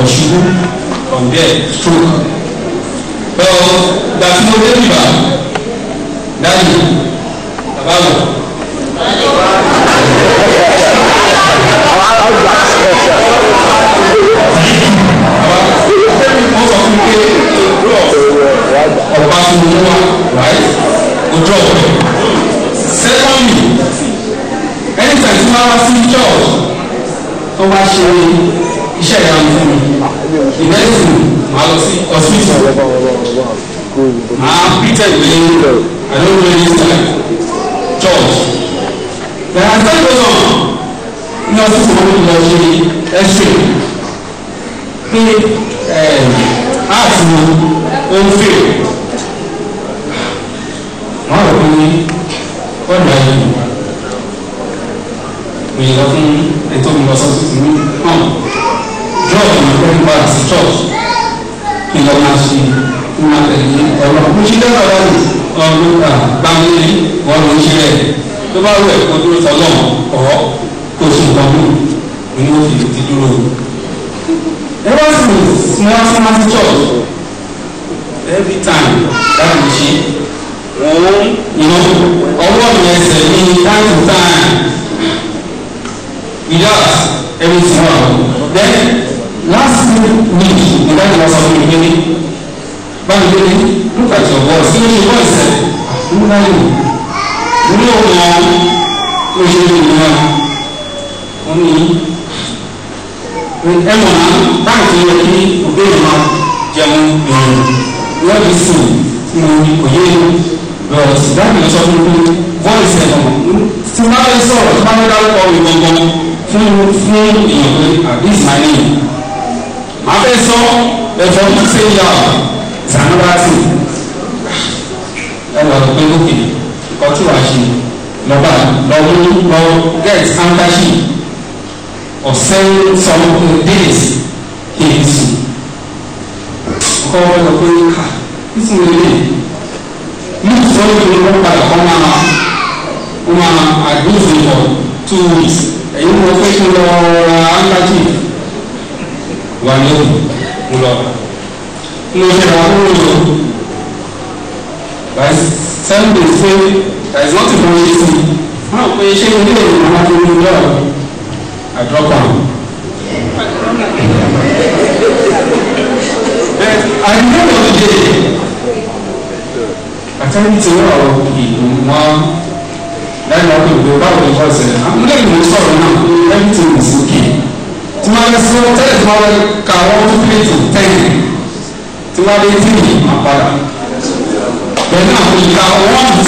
or sugar from there stroke well gbàtí mo dé bìbà dájú bàbá wò. ọba tó ń wá right o drop secondly anytime tí wọ́n wá sí church tó wá ṣe é iṣẹ́ ìyanu fún mi ìmẹ́sìn máa lọ sí ọ̀sìtì máa pítẹ̀ ìwé àdókòwò ìsìlẹ̀ church yàrá sẹ́yìn tó náà ní ọ̀sìtì wọn lọ ṣe ẹ̀ṣẹ̀ pé áàtì eh, ó ń fè wọ́n rò pé ọ̀dà yìí òyìnbó fún ètò ìlọsọ̀tún náà church ní pẹ́ nípa àti church kí máa ṣe kí máa tẹ̀lé ọ̀rọ̀ kó ṣe dára wà ní ọdún ká bámúlé wọ́n ló ń ṣe rẹ̀ tó bá rẹ̀ kó dúró tọ́lọ̀ ọ̀ kó sì tọ́ mú ní ó fi ti dúró. ever since small small church every time that we ṣe wọ́n yọ ọwọ́ mi ẹsẹ̀ ní time to time without every small then last week nígbà tí wọ́n sọ fún mi nílé báwo ló look at your voice kí ló ṣe voice ẹ̀ nígbà yìí ní òun náà ló ṣe lè mú náà wọ́n ní ẹ mọ̀ náà báyìí ti yẹ kí òbí ìmọ̀ jẹun ìrọ̀rùn wọ́n ti sùn fún mi kò yé lọ ṣùgbọ́n mi sọ fún mi voice ẹ̀ mọ̀ tí wọ́n bá fẹ́ sọ̀rọ̀ tí wọ́n bá fẹ́ dárúkọ mi gbọ̀ngàn fún fún ìyàwó àbí ìsìnmáyé yìí abẹ́sọ ẹ̀fọ́ mú sí ìyá sanubati ẹ lọ pé lókè kọtí wàá ṣe lọ́ba lọ́wọ́ lọ get handkerchief or send some days èyí kọ́ ọ lọ pé ká títí mi lè ní ìsọ̀rọ̀ ìlú wọn padà kọ́ máa wọ́n máa àgbófinró two weeks ẹ̀yin wọ́n pé kí n lọ ra handkerchief wà lóhùn mo lọ mo ṣe àbúrò lọ by seven say there is nothing for ṣe sí i wọn ṣé ilé ìwé máa tó ní lọ I drop am. I remember the day àtẹ́rí ti rọ̀ ìlú wọn lẹ́nu ọdún ìgbé báwo ni wọ́n ṣẹlẹ̀ àwọn ọmọdé sọ̀rọ̀ náà lẹ́yìn tí mo sì máa sọ tẹ́lẹ̀ tí wọ́n ka wọ́n tún fi tù tẹ́lẹ̀ tí àwọn ìka wọ́n tún fi tù káwọn tún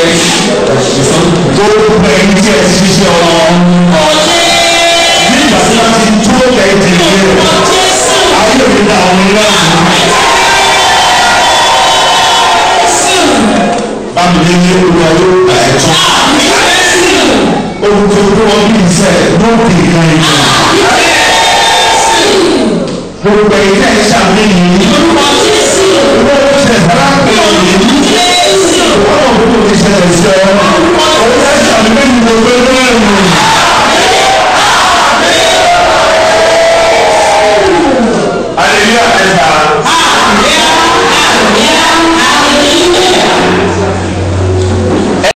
fi tó dúpẹ́ ní ní ní olúwa yóò gbà tán. olùkọ́ tó wọ́n bí ìfẹ́ ló ká ẹ̀ tán. gbogbo ẹ̀yìn náà ṣàmì yìí. olùkọ́ tí ń sìn. olùkọ́ tí olùkọ́ tí ń sìn. olùkọ́ tí